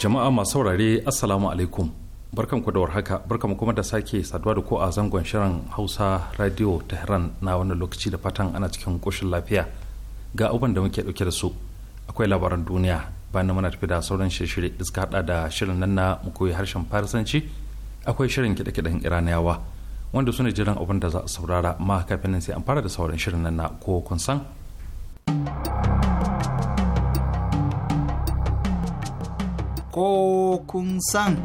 jama'a masu saurare assalamu alaikum barkan ku da warhaka barkan kuma da sake saduwa da ko a zangon shirin hausa radio tehran na wannan lokaci da fatan ana cikin koshin lafiya ga abubuwan da muke dauke da su akwai labaran duniya bayan na muna tafi da sauran shirye-shirye da suka hada da shirin nan na mu koyi harshen farisanci akwai shirin kiɗe-kiɗen iraniyawa wanda su ne jiran abin da za a saurara ma kafin nan sai an fara da sauran shirin nan na ko kun san ko kun san.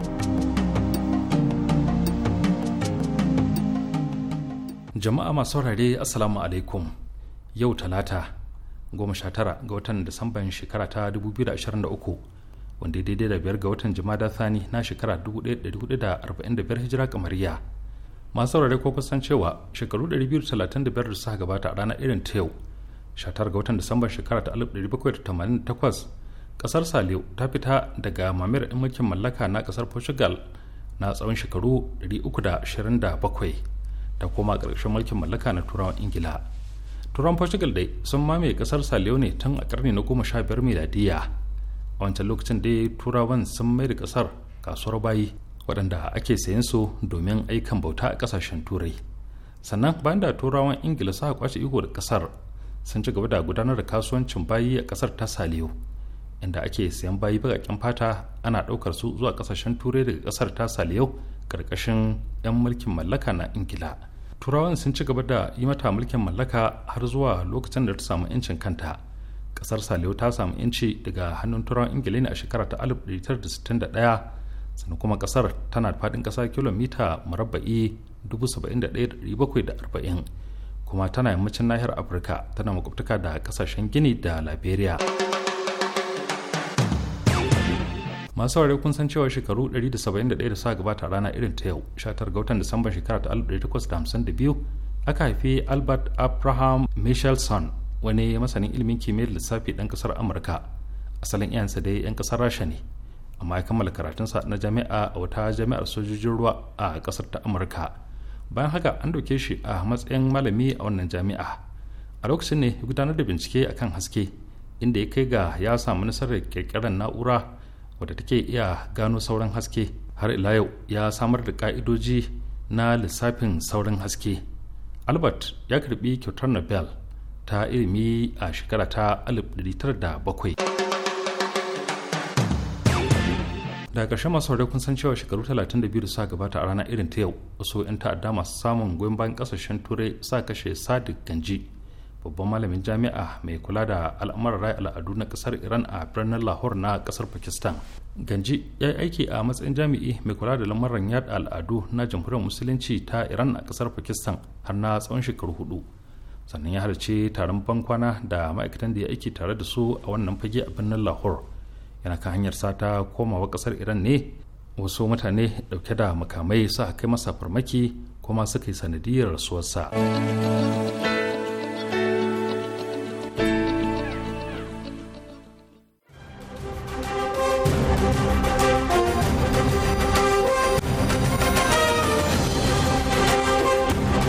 Jama'a masu saurare Assalamu alaikum yau talata goma sha tara ga watan Disamban shekara ta 2023 wanda daidai da biyar ga watan da Thani na shekara 1445 hijira kamariya. Masu saurare ko kusan cewa shekaru 235 da suka gabata a ranar irin ta yau shatar ga watan Disamban shekara ta 1788 kasar saliu ta fita daga mamayar mulkin mallaka na kasar portugal na tsawon shekaru 327 da kuma ƙarshen mulkin mallaka na turawan ingila turawan portugal dai sun mamaye kasar saliu ne tun a karni na 15 miladiya a wancan lokacin dai turawan sun mai da kasar kasuwar bayi waɗanda ake sayan su domin aikan bauta a ƙasashen turai sannan bayan da turawan ingila suka kwace iko da kasar sun ci gaba da gudanar da kasuwancin bayi a kasar ta saliu inda ake sayan bayi bakakken fata ana ɗaukar su zuwa ƙasashen turai daga ƙasar ta saliyau ƙarƙashin 'yan mulkin mallaka na ingila turawan sun ci gaba da yi mata mulkin mallaka har zuwa lokacin da ta samu 'yancin kanta ƙasar saliyau ta samu 'yanci daga hannun turawan ingila ne a shekara ta 1961 sannan kuma ƙasar tana faɗin ƙasa kilomita murabba'i 71,740 kuma tana yammacin nahiyar afirka tana makwabtaka da ƙasashen gini da liberia masu ware kun san cewa shekaru 171 da gaba gabata rana irin ta yau 19 ga watan disamban shekara ta 1852 aka haifi albert abraham michelson wani masanin ilimin kimiyyar lissafi ɗan kasar amurka asalin iyansa dai 'yan ƙasar rasha ne amma ya kammala karatunsa na jami'a a wata jami'ar sojojin ruwa a kasar ta amurka bayan haka an dauke shi a matsayin malami a wannan jami'a a lokacin ne ya gudanar da bincike akan haske inda ya kai ga ya samu nasarar kirkirar na'ura wadda take iya gano sauran haske har ila yau ya samar da ka'idoji na lissafin sauran haske albert ya karbi kyautar nobel ta ilimi a shekara ta 1907 daga ƙarshen masu kun san cewa shekaru 32 da sa gabata a rana irin ta yau wasu 'yan ta'adda masu samun goyon bayan ƙasashen turai sa kashe sadi ganji babban malamin jami'a mai kula da al'amuran rai al'adu na kasar iran a birnin lahore na kasar pakistan ganji ya yi aiki a matsayin jami'i mai kula da lamarin yada al'adu na jamhuriyar musulunci ta iran a kasar pakistan har na tsawon shekaru hudu sannan ya halarci taron bankwana da ma'aikatan da ya aiki tare da su a wannan fage a birnin lahore yana kan hanyar sata komawa kasar iran ne wasu mutane dauke da makamai sa kai masa farmaki kuma suka yi sanadiyar rasuwarsa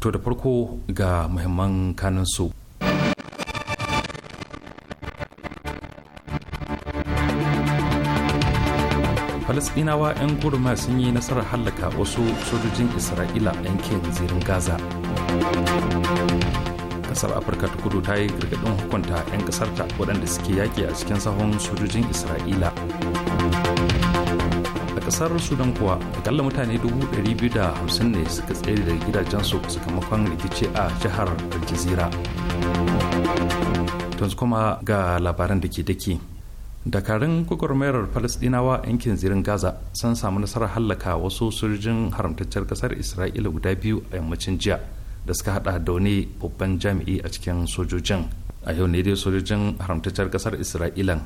to da farko ga muhimman kanin su falasɗinawa 'yan gurma sun yi nasarar hallaka wasu sojojin isra'ila a yankin zirin gaza kasar afirka ta kudu ta yi gargaɗin hukunta 'yan ƙasarta waɗanda suke yaƙi a cikin sahun sojojin isra'ila kasar sudan kuwa akalla mutane 250 ne suka tsere daga gidajensu sakamakon rikici a jihar aljazira yanzu kuma ga labaran da ke dake dakarun gwagwarmayar falasdinawa yankin zirin gaza sun samu nasarar hallaka wasu sojojin haramtaccen kasar isra'ila guda biyu a yammacin jiya da suka hada da wani babban jami'i a cikin sojojin a yau ne dai sojojin haramtaccen kasar isra'ilan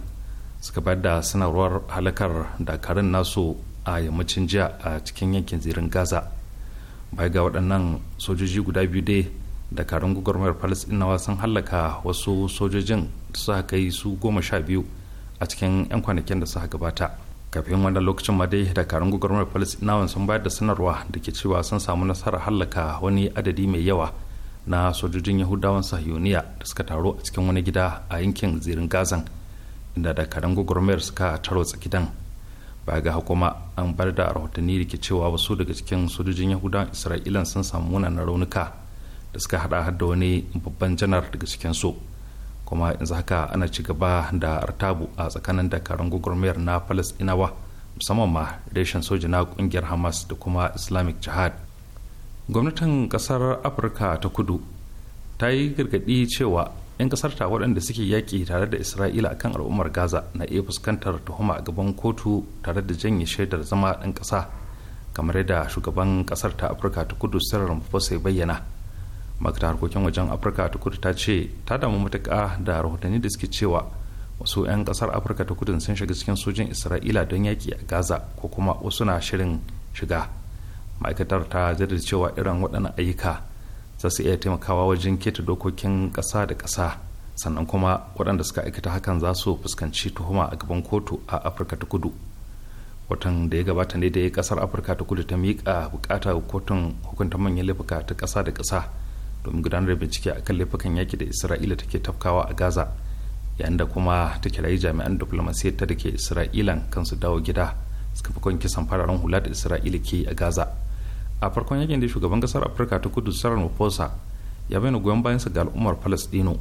suka bayar da sanarwar halakar dakarun nasu a yammacin jiya a cikin yankin zirin gaza bai ga waɗannan sojoji guda biyu dai da karin gwagwarmayar palestinawa sun hallaka wasu sojojin da suka kai su goma sha biyu a cikin 'yan kwanakin da suka gabata kafin wannan lokacin ma dai karin gwagwarmayar palestinawa sun bayar da sanarwa da ke cewa sun samu nasarar hallaka wani adadi mai yawa na sojojin yahudawan sahiyoniya da suka taro a cikin wani gida a yankin zirin gazan inda karin gwagwarmayar suka tarwatsa gidan ba ga kuma an bar da rahotanni da ke cewa wasu daga cikin sojojin yahudan isra'ila sun samu munanan raunuka da suka hada har da wani babban janar daga cikin su kuma yanzu haka ana ci gaba da artabu a tsakanin dakarun gwagwarmayar na palestinawa musamman ma reshen soja na kungiyar hamas da kuma islamic jihad gwamnatin kasar afirka ta kudu ta yi gargadi cewa 'yan kasar ta waɗanda suke yaƙi tare da isra'ila akan al'ummar gaza na iya fuskantar tuhuma a gaban kotu tare da janye shaidar zama ɗan ƙasa kamar yadda shugaban ƙasar ta afirka ta kudu sirar mafosai bayyana makatar harkokin wajen afirka ta kudu ta ce ta damu matuƙa da rahotanni da suke cewa wasu 'yan ƙasar afirka ta kudu sun shiga cikin sojin isra'ila don yaƙi a gaza ko kuma wasu na shirin shiga ma'aikatar ta jaddada cewa irin waɗannan ayyuka za su iya taimakawa wajen keta dokokin ƙasa da kasa sannan kuma waɗanda suka aikata hakan za su fuskanci tuhuma a gaban kotu a afirka ta kudu watan da ya gabata ne da ya kasar afirka ta kudu ta miƙa bukata kotun hukunta manyan laifuka ta kasa da kasa domin gudanar da bincike a kan laifukan yaƙi da isra'ila take tafkawa a gaza yayin da kuma ta kirayi jami'an diflomasiyya ta da ke isra'ilan kansu dawo gida suka fi kisan fararen hula da isra'ila ke yi a gaza a farkon yakin da shugaban kasar afirka ta kudu sarar mafosa ya bayyana goyon sa ga al'ummar palestino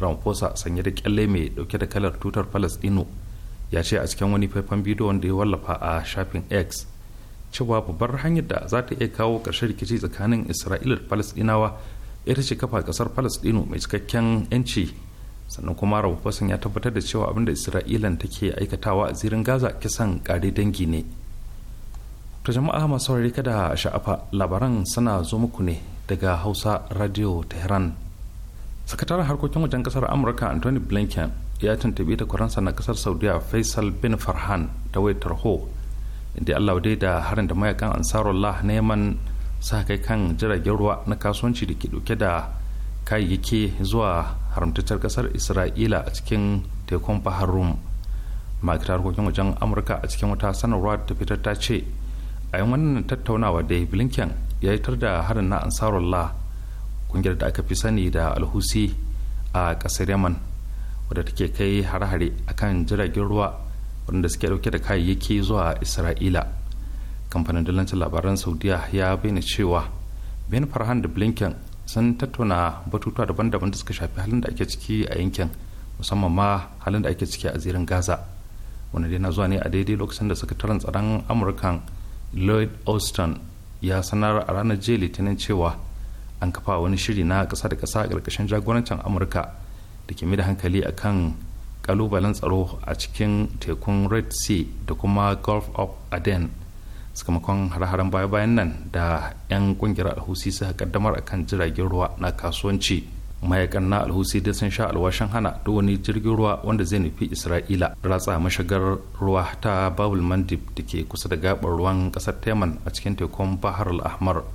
ramaphosa sanye da kyalle mai dauke da kalar tutar palestino ya ce a cikin wani faifan bidiyo wanda ya wallafa a shafin x cewa babbar hanyar da za ta iya kawo ƙarshen rikici tsakanin isra'ila da palestinawa ita ce kafa ƙasar palestino mai cikakken 'yanci sannan kuma ramaphosa ya tabbatar da cewa abin da isra'ilan take aikatawa a zirin gaza kisan kare dangi ne to jama'a masu saurari kada a sha'afa labaran suna zo muku ne daga hausa radio tehran sakataren harkokin wajen kasar amurka anthony blinken ya tuntubi da kwaransa na kasar saudiya faisal bin farhan da wayar tarho inda allah dai da harin da mayakan ansarullah na yaman sa kai kan jiragen ruwa na kasuwanci da ke dauke da kayayyaki zuwa haramtaccen kasar isra'ila a cikin tekun bahar rum ma'aikatar harkokin wajen amurka a cikin wata sanarwa ta fitar ta ce a yin wannan tattaunawa da blinken ya yi tar da harin na ansarullah kungiyar da aka fi sani da alhusi a kasar yaman wadda take kai har hare a kan jiragen ruwa wadanda suke dauke da kayayyaki zuwa isra'ila kamfanin dalancin labaran saudiya ya bayyana cewa ben farhan da blinken sun tattauna batutuwa daban-daban da suka shafi halin da ake ciki a yankin musamman ma halin da ake ciki a zirin gaza wanda dai na zuwa ne a daidai lokacin da sakataren tsaron amurkan lloyd austin ya sanar a ranar jiya litinin cewa an kafa wani shiri na ƙasa da ƙasa a ƙarƙashin jagorancin amurka da ke da hankali a kan ƙalubalen tsaro a cikin tekun red sea da kuma gulf of aden sakamakon hare haren baya-bayan nan da 'yan ƙungiyar alhusi suka kaddamar kan jiragen ruwa na kasuwanci mayakan na alhusi da sun sha alwashin hana da wani jirgin ruwa wanda zai nufi isra'ila ratsa mashigar ruwa ta babul mandib da ke kusa da gabar ruwan kasar teman a cikin tekun bahar al-ahmar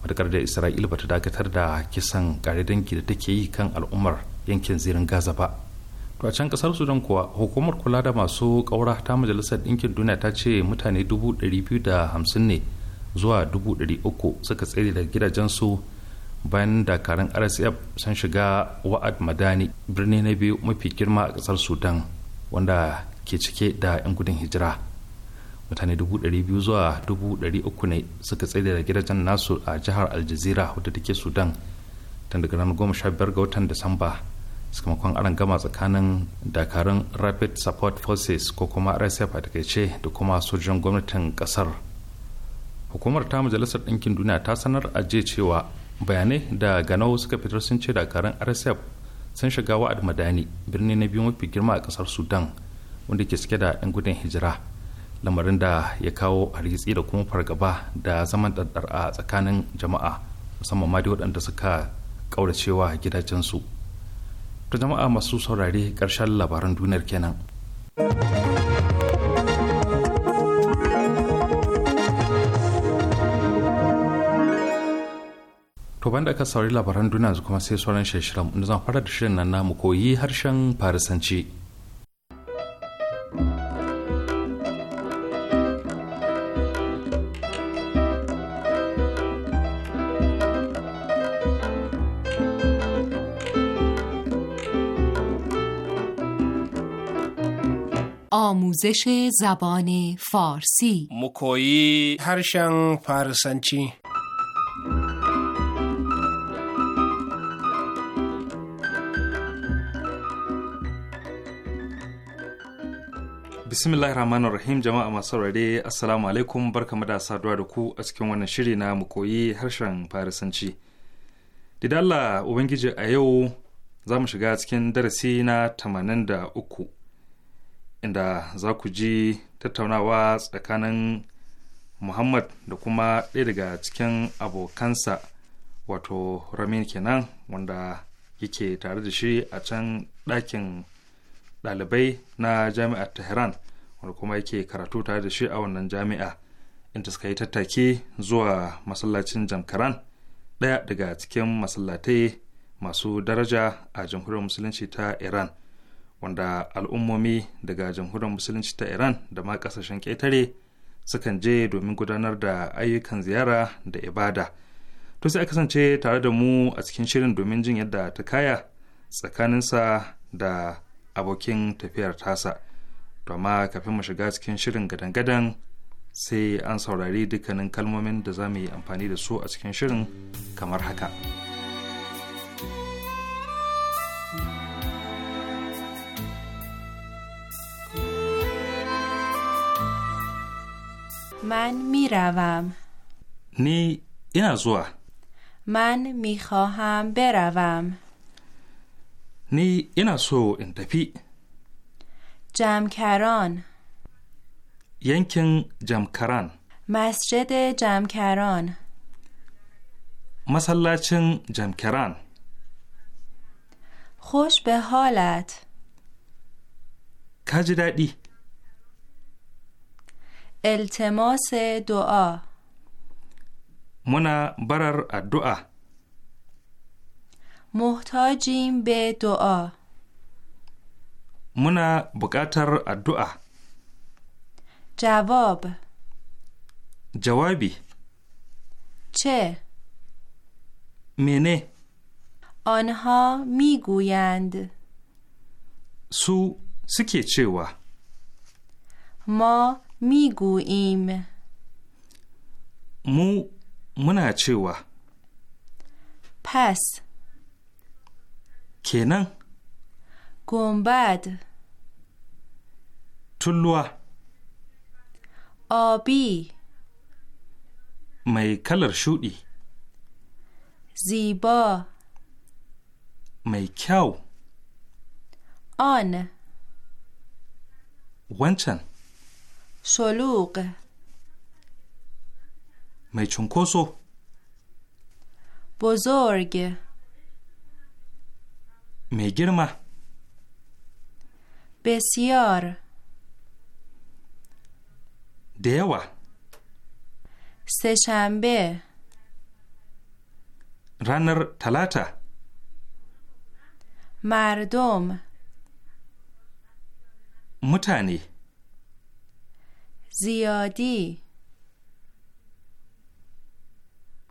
matakar da isra'ila bata dakatar da kisan kare dangi da take yi kan al'ummar yankin zirin gaza ba to a can kasar sudan kuwa hukumar kula da masu kaura ta majalisar ɗinkin duniya ta ce mutane dubu biyu da hamsin ne zuwa dubu suka tsere daga gidajensu bayan dakarun rsf sun shiga wa'ad madani birni na biyu mafi girma a kasar sudan wanda ke cike da 'yan gudun hijira mutane 200,000 zuwa 300,000 ne suka tsaye da gidajen nasu a jihar aljazira wadda take sudan tun daga ranar 15 ga watan disamba sakamakon aron gama tsakanin dakarun rapid support forces ko kuma rsf a takaice da kuma sojojin gwamnatin kasar hukumar ta majalisar ɗinkin duniya ta sanar a jiya cewa bayanai da ganau suka fitar sun ce dakarun rsf sun shiga wa'ad madani birni na biyu mafi girma a kasar sudan wanda ke cike da 'yan gudun hijira lamarin da ya kawo hargitsi da kuma fargaba da zaman ɗaɗɗar a tsakanin jama'a musamman ma waɗanda suka ƙauracewa gidajensu ta jama'a masu saurari ƙarshen labaran duniyar kenan. to banda ka saurari labaran duniya yanzu kuma sai sauran shirin inda zan fara da shirin nan namu koyi harshen farisanci آموزش زبان فارسی مکویی هرشن فارسنچی bismillahirrahmanirrahim rahim jama'a masu saurare assalamu alaikum barkamu da saduwa da ku a cikin wannan shiri na mu koyi harshen farisanci didalla ubangiji a yau za mu shiga cikin darasi na 83 inda za ku ji tattaunawa tsakanin muhammad da kuma ɗaya daga cikin abokansa wato ramin kenan wanda yake tare da shi a can ɗakin ɗalibai na jami'ar tehran wanda kuma yake karatu tare da shi a wannan jami'a inda suka yi tattaki zuwa masallacin jamkaran ɗaya daga cikin masallatai masu daraja a jamhuriyar musulunci ta iran wanda al'ummomi daga jamhuriyar musulunci ta iran da ma ƙasashen ƙetare sukan je domin gudanar da ayyukan ziyara da ibada to sai a kasance tare da mu a cikin shirin domin jin yadda ta kaya tsakaninsa da abokin tafiyar tasa amma kafin mu shiga cikin shirin gadan-gadan sai an saurari dukkanin kalmomin da za mu yi amfani da su a cikin shirin kamar haka. man من ni ina zuwa man mi میخواهم beravam نی اینا سو این تفی جمکران ینکن جمکران مسجد جمکران مسلاچن جمکران خوش به حالت کج دادی التماس دعا منا برر الدعا محتاجیم به دعا منا بکاتر الدعا جواب جوابی چه منه آنها میگویند سو سکه و؟ ما میگوییم مو منا و؟ پس Kenan. gombad Tulluwa. Obi. mai kalar shuɗi. Zibo. Mai kyau. On. Wancan. Soluk. Mai cunkoso. bozorge میگیرم. بسیار دیوه سشنبه رنر تلاته مردم متنی زیادی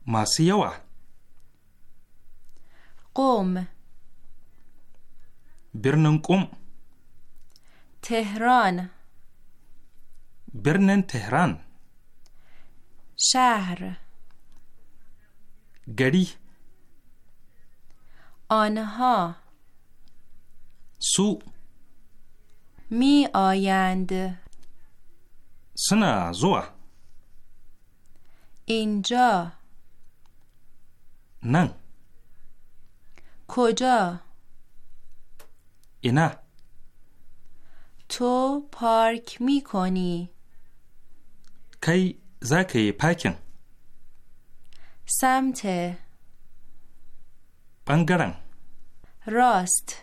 ماسیوه قوم برنن قم تهران برنن تهران شهر گری آنها سو می آیند سنا زوا اینجا نن کجا اینا تو پارک می کنی کی زکی پاکن سمت بنگرن راست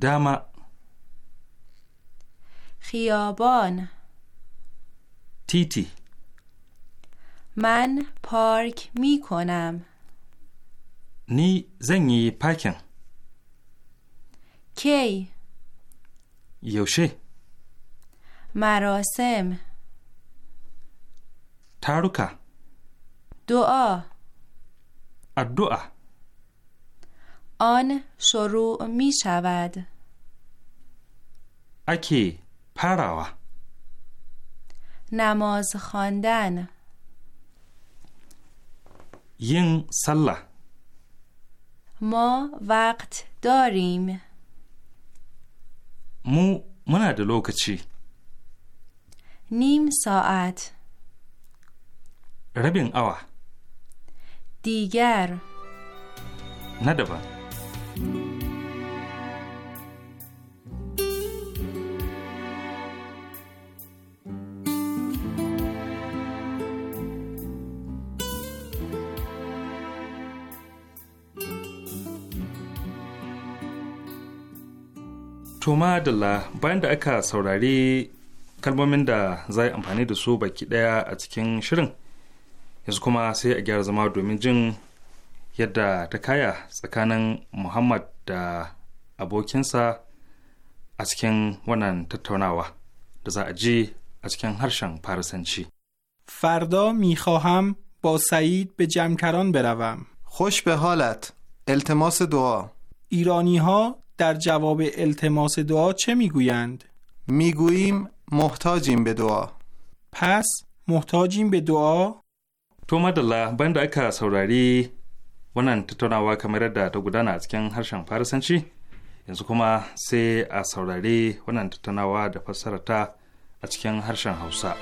داما خیابان تیتی من پارک می کنم نی زنگی پاکن کی یوشه مراسم تاروکا دعا الدعا آن شروع می شود اکی پراوا نماز خواندن ین سله ما وقت داریم mu muna da lokaci nim sa'at rabin awa digar na daban mm. To madalla bayan da aka saurari kalmomin da za yi amfani da su baki ɗaya a cikin shirin yanzu kuma sai a gyara zama domin jin yadda ta kaya tsakanin Muhammad da abokinsa a cikin wannan tattaunawa da za a ji a cikin harshen Farisanci. فردا میخواهم با سعید به جمکران بروم خوش به حالت التماس دعا ایرانی ها در جواب التماس دعا چه میگویند؟ میگوییم محتاجیم به دعا پس محتاجیم به دعا To madalla banda aka saurari wannan tattaunawa kamar da ta gudana a cikin harshen Farisanci, yanzu kuma sai a saurari wannan tattaunawa da fassarata a cikin harshen Hausa.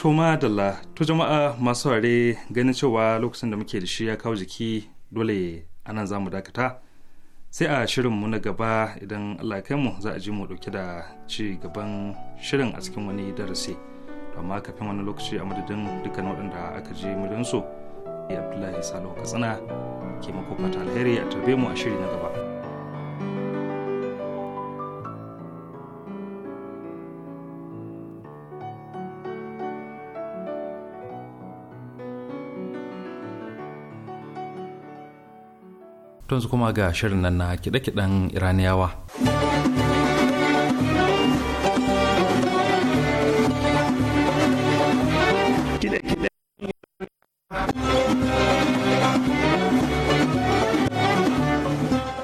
To madalla to jama'a masu ware ganin cewa lokacin da muke da shi ya kawo jiki dole anan za mu dakata sai a shirinmu na gaba idan Allah kai mu za a ji mu dauke da ci gaban shirin a cikin wani darasi amma kafin wani lokaci a madadin dukkan waɗanda aka je ya abdullahi salihu katsina ke mako fata alheri a tarbe mu a shiri na gaba yanzu kuma ga shirin nan na kiɗe-kiɗen iraniyawa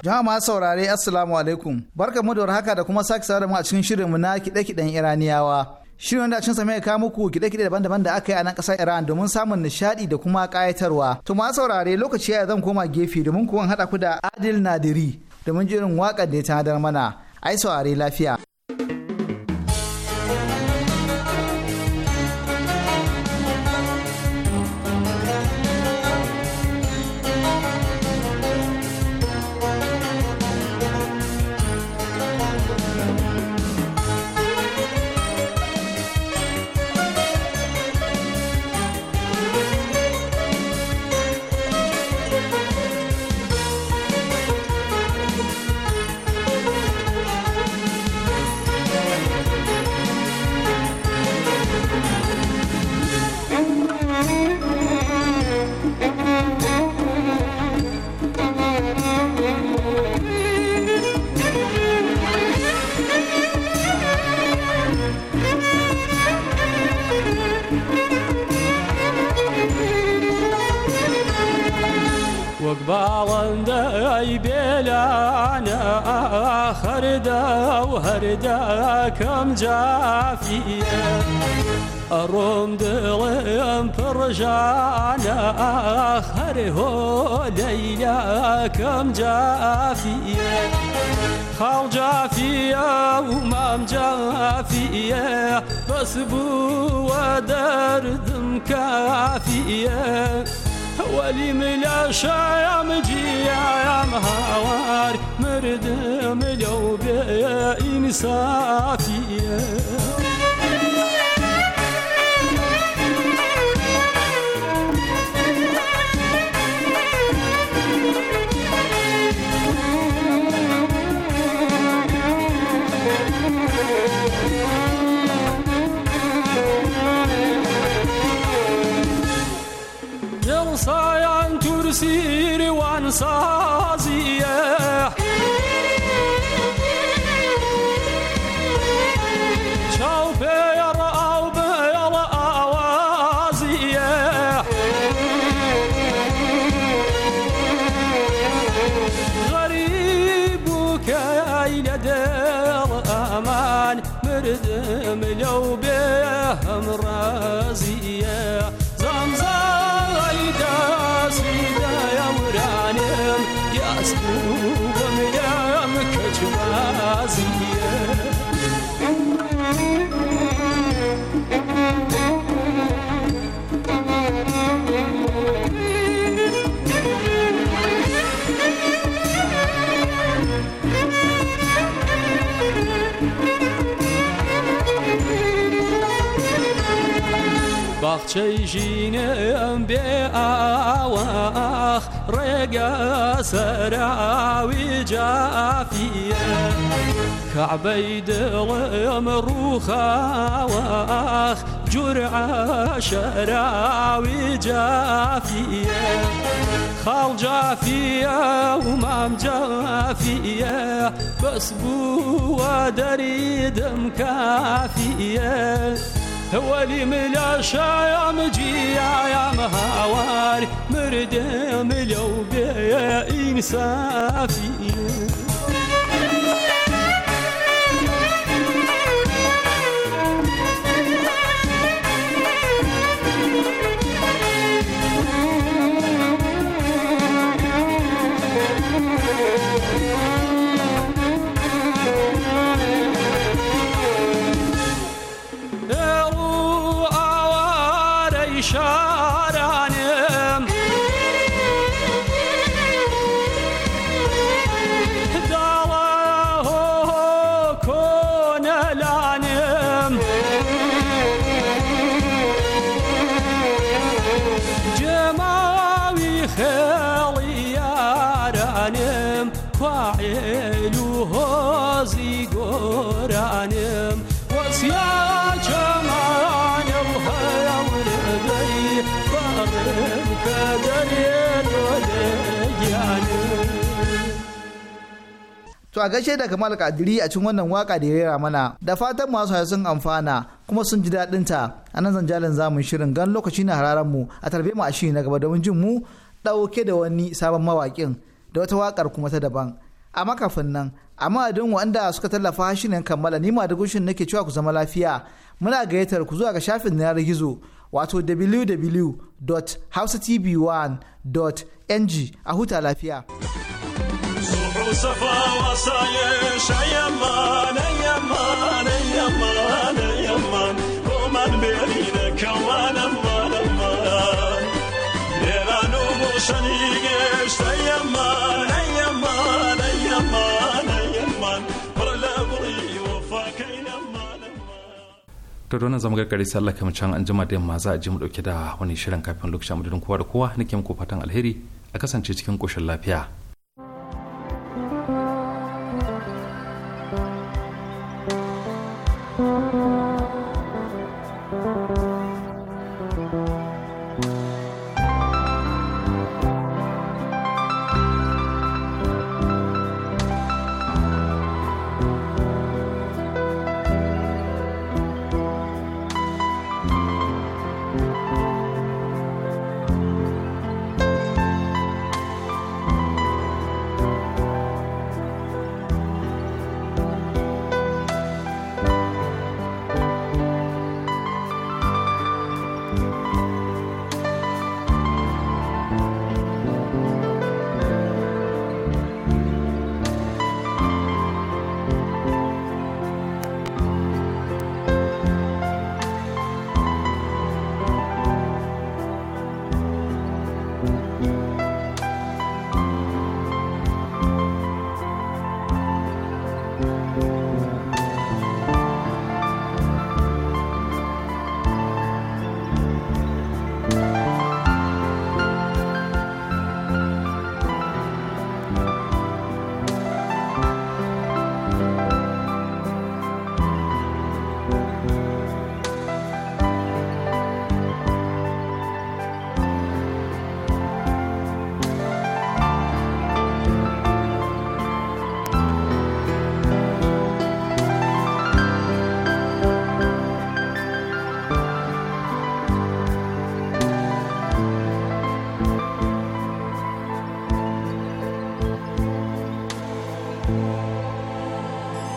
jama'a masu saurare assalamu alaikum barka mu da haka da kuma sake saurare mu a cikin shirinmu na kiɗe-kiɗen iraniyawa Shirin da cin sami mai kawo muku gide-gide daban-daban da aka yi a nan ƙasar Iran domin samun nishaɗi da kuma ƙayatarwa. To ma saurare lokaci ya zan koma gefe domin kuwan haɗa ku da Adil Nadiri domin jirin waƙar da ya tanadar mana. Ai saurare lafiya. خردا وهردا كم جافية الروم دلم فرجانا هو ليلى كم جافية خال جافية ومام جافية بس بو ودردم كافية ولي ملاشا يا مجيا يا مهوار مردم لو بيا انصافي جين بأواخ رقا سراوي جافية كعبيد الأمر خواخ جرعة شراوي جافية خال جافية ومام جافية بس بو دم مكافية ولي ملاشا يا مجيا يا مهاوار مردم لو بيا إنسافي To a gaishe da Kamal Kadiri a cikin wannan waka da ya rera mana da fatan masu sun amfana kuma sun ji daɗin ta a nan zanjalin zamun shirin gan lokaci na hararen mu a tarbe mu a shi na gaba domin jin mu ɗauke da wani sabon mawaƙin da wata wakar kuma ta daban. A makafin nan amma don wanda suka tallafa hashinan kammala ni ma da gushin nake cewa ku zama lafiya muna gayyatar ku zuwa ga shafin yanar gizo wato www.hausatv1.ng a huta lafiya. safa wasa yasha yamman yamman yamman yamman Oman beri ne kaman yamma aman Nera nubu sani geçte yamman yamman yamman yamman Parla buri ufakayla Toto na zamuga kari sallah kama chang anjama de maza ajimu doke da wani shirin kafin lokacin mu da kowa da kowa nake muku fatan alheri a kasance cikin koshin lafiya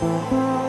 Música